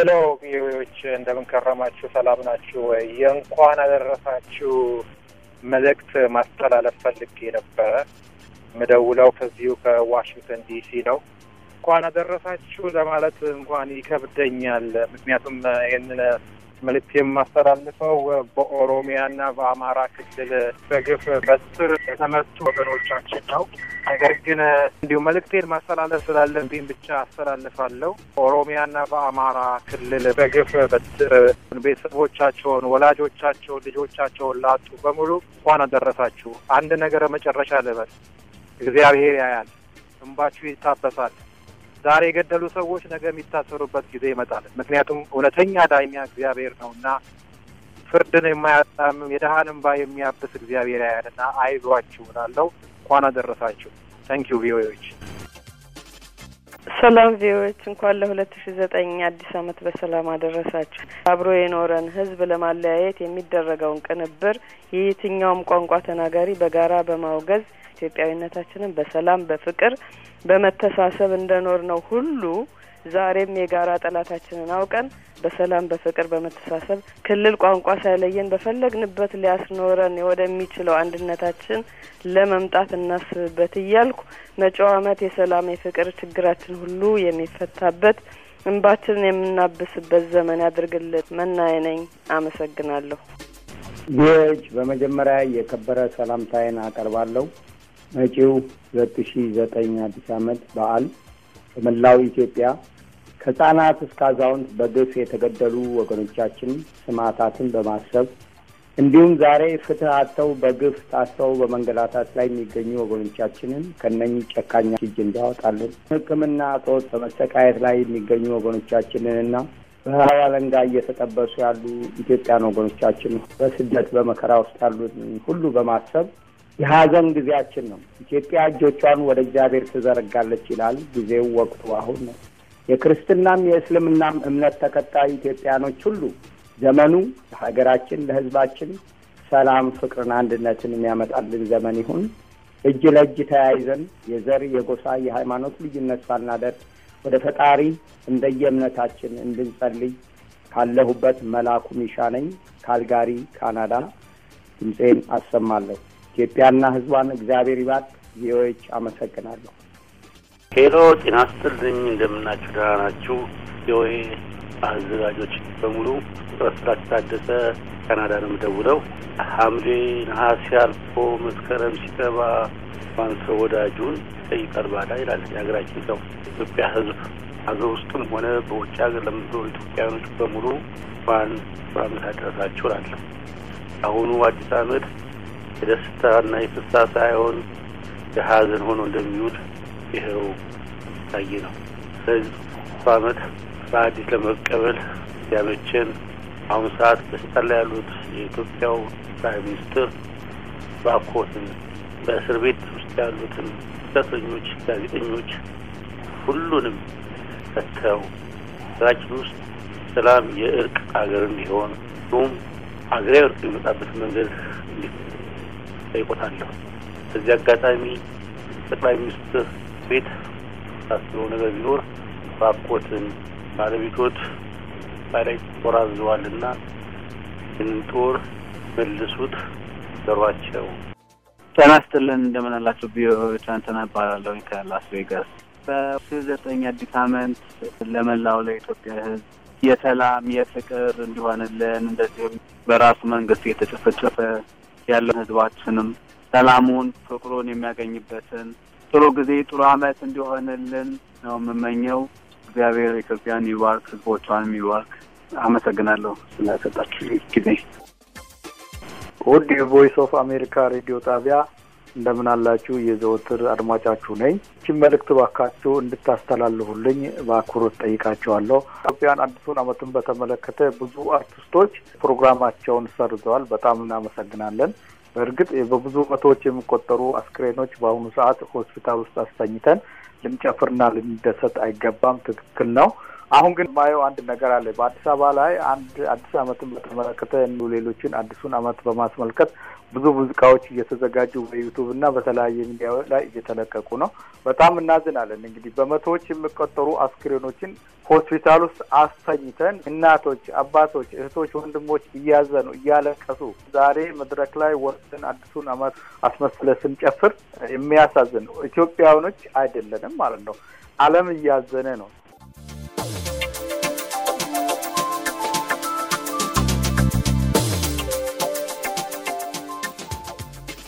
ሄሎ ቪኦኤዎች እንደምንከረማችሁ፣ ሰላም ናችሁ ወይ? የእንኳን አደረሳችሁ መልእክት ማስተላለፍ ፈልጌ ነበረ። ምደውለው ከዚሁ ከዋሽንግተን ዲሲ ነው። እንኳን አደረሳችሁ ለማለት እንኳን ይከብደኛል። ምክንያቱም ይህንን መልእክት የማስተላልፈው በኦሮሚያና በአማራ ክልል በግፍ በስር የተመቱ ወገኖቻችን ነው። ነገር ግን እንዲሁ መልእክቴን ማስተላለፍ ስላለብኝ ብቻ አስተላልፋለሁ። በኦሮሚያና በአማራ ክልል በግፍ በስር ቤተሰቦቻቸውን፣ ወላጆቻቸውን፣ ልጆቻቸውን ላጡ በሙሉ እንኳን አደረሳችሁ። አንድ ነገር መጨረሻ ልበል። እግዚአብሔር ያያል፣ እንባችሁ ይታበሳል። ዛሬ የገደሉ ሰዎች ነገ የሚታሰሩበት ጊዜ ይመጣል። ምክንያቱም እውነተኛ ዳኛ እግዚአብሔር ነውና ፍርድን የማያጣምም የድሃን እንባ የሚያብስ እግዚአብሔር ያያልና አይዟችሁ እላለሁ። እንኳን አደረሳችሁ። ታንኪዩ ቪኦኤዎች። ሰላም ቪኦኤዎች፣ እንኳን ለሁለት ሺ ዘጠኝ አዲስ ዓመት በሰላም አደረሳችሁ። አብሮ የኖረን ህዝብ ለማለያየት የሚደረገውን ቅንብር የየትኛውም ቋንቋ ተናጋሪ በጋራ በማውገዝ ኢትዮጵያዊነታችንን በሰላም በፍቅር በመተሳሰብ እንደኖር ነው ሁሉ ዛሬም የጋራ ጠላታችንን አውቀን በሰላም በፍቅር በመተሳሰብ ክልል ቋንቋ ሳይለየን በፈለግንበት ሊያስኖረን ወደሚችለው አንድነታችን ለመምጣት እናስብበት እያልኩ መጪው ዓመት የሰላም የፍቅር ችግራችን ሁሉ የሚፈታበት እንባችንን የምናብስበት ዘመን ያድርግልን። መናየ ነኝ። አመሰግናለሁ። ቪዎች በመጀመሪያ የከበረ ሰላምታዬን አቀርባለሁ። መጪው ሁለት ሺ ዘጠኝ አዲስ ዓመት በዓል በመላው ኢትዮጵያ ከህጻናት እስከ አዛውንት በግፍ የተገደሉ ወገኖቻችን ስማታትን በማሰብ እንዲሁም ዛሬ ፍትህ አጥተው በግፍ ታስረው በመንገላታት ላይ የሚገኙ ወገኖቻችንን ከነኚህ ጨካኛ እጅ እንዲያወጣልን ሕክምና ጦት በመሰቃየት ላይ የሚገኙ ወገኖቻችንንና በረሃብ አለንጋ እየተጠበሱ ያሉ ኢትዮጵያን ወገኖቻችን በስደት በመከራ ውስጥ ያሉትን ሁሉ በማሰብ የሀዘን ጊዜያችን ነው። ኢትዮጵያ እጆቿን ወደ እግዚአብሔር ትዘረጋለች ይላል ጊዜው፣ ወቅቱ አሁን ነው። የክርስትናም የእስልምናም እምነት ተከታይ ኢትዮጵያኖች ሁሉ ዘመኑ ለሀገራችን፣ ለሕዝባችን ሰላም፣ ፍቅርን፣ አንድነትን የሚያመጣልን ዘመን ይሁን። እጅ ለእጅ ተያይዘን የዘር፣ የጎሳ፣ የሃይማኖት ልዩነት ሳናደርግ ወደ ፈጣሪ እንደየ እምነታችን እንድንጸልይ ካለሁበት መላኩ ሚሻ ነኝ፣ ካልጋሪ ካናዳ ድምፄን አሰማለሁ። ኢትዮጵያና ህዝቧን እግዚአብሔር ይባርክ። ቪኦኤዎች አመሰግናለሁ። ሄሎ ጤና ይስጥልኝ። እንደምናችሁ ደህና ናችሁ? ቪኦኤ አዘጋጆች በሙሉ ስራት ታደሰ ካናዳ ነው የምደውለው። ሐምሌ ነሐሴ አልፎ መስከረም ሲገባ ማንሰ ወዳጁን ይጠይቃል ባዳ ይላል የሀገራችን ሰው። ኢትዮጵያ ህዝብ ሀገር ውስጥም ሆነ በውጭ ሀገር ለምትኖሩ ኢትዮጵያውያኖች በሙሉ ባን አመት አደረሳችሁ እላለሁ። አሁኑ አዲስ አመት የደስታና የፍሳ ሳይሆን የሀዘን ሆኖ እንደሚውል ይኸው ታይ ነው። ስለዚህ አመት በአዲስ ለመቀበል ያመቸን አሁን ሰዓት በስልጣን ላይ ያሉት የኢትዮጵያው ጠቅላይ ሚኒስትር ባኮትን በእስር ቤት ውስጥ ያሉትን ስደተኞች፣ ጋዜጠኞች ሁሉንም ፈተው ሀገራችን ውስጥ ሰላም የእርቅ አገር እንዲሆን ሁሉም አገራዊ እርቅ የሚመጣበት መንገድ እንዲ ጠይቆታለሁ። በዚህ አጋጣሚ ጠቅላይ ሚኒስትር ቤት ታስበው ነገር ቢኖር ባኮትን ባለቤቶት ባላይ ጦር አዘዋልና ይህንን ጦር መልሱት ዘሯቸው። ጤና ስጥልን እንደምን አላችሁ? ቪኦኤ ትናንትና እባላለሁ ከላስ ቬጋስ በሁለት ዘጠኝ አዲስ ዓመት ለመላው ለኢትዮጵያ ሕዝብ የሰላም የፍቅር እንዲሆንልን እንደዚሁም በራሱ መንግስት የተጨፈጨፈ ያለውን ህዝባችንም ሰላሙን፣ ፍቅሩን የሚያገኝበትን ጥሩ ጊዜ ጥሩ አመት እንዲሆንልን ነው የምመኘው። እግዚአብሔር ኢትዮጵያን ይባርክ፣ ህዝቦቿንም ይባርክ። አመሰግናለሁ ስለሰጣችሁ ጊዜ። ውድ የቮይስ ኦፍ አሜሪካ ሬዲዮ ጣቢያ እንደምን አላችሁ? የዘወትር አድማጫችሁ ነኝ። ይህችን መልእክት ባካችሁ እንድታስተላልፉልኝ በአክብሮት ጠይቃችኋለሁ። ኢትዮጵያን አዲሱን ዓመትን በተመለከተ ብዙ አርቲስቶች ፕሮግራማቸውን ሰርዘዋል። በጣም እናመሰግናለን። በእርግጥ በብዙ መቶዎች የሚቆጠሩ አስክሬኖች በአሁኑ ሰዓት ሆስፒታል ውስጥ አስተኝተን ልንጨፍርና ልንደሰት አይገባም። ትክክል ነው። አሁን ግን ማየው አንድ ነገር አለ። በአዲስ አበባ ላይ አንድ አዲስ አመትን በተመለከተ ሌሎችን አዲሱን አመት በማስመልከት ብዙ ሙዚቃዎች እየተዘጋጁ በዩቱብ እና በተለያየ ሚዲያ ላይ እየተለቀቁ ነው። በጣም እናዝናለን። እንግዲህ በመቶዎች የሚቆጠሩ አስክሬኖችን ሆስፒታል ውስጥ አስተኝተን እናቶች፣ አባቶች፣ እህቶች፣ ወንድሞች እያዘኑ እያለቀሱ ዛሬ መድረክ ላይ ወርትን አዲሱን አመት አስመስለ ስንጨፍር የሚያሳዝን ነው። ኢትዮጵያውያኖች አይደለንም ማለት ነው። ዓለም እያዘነ ነው።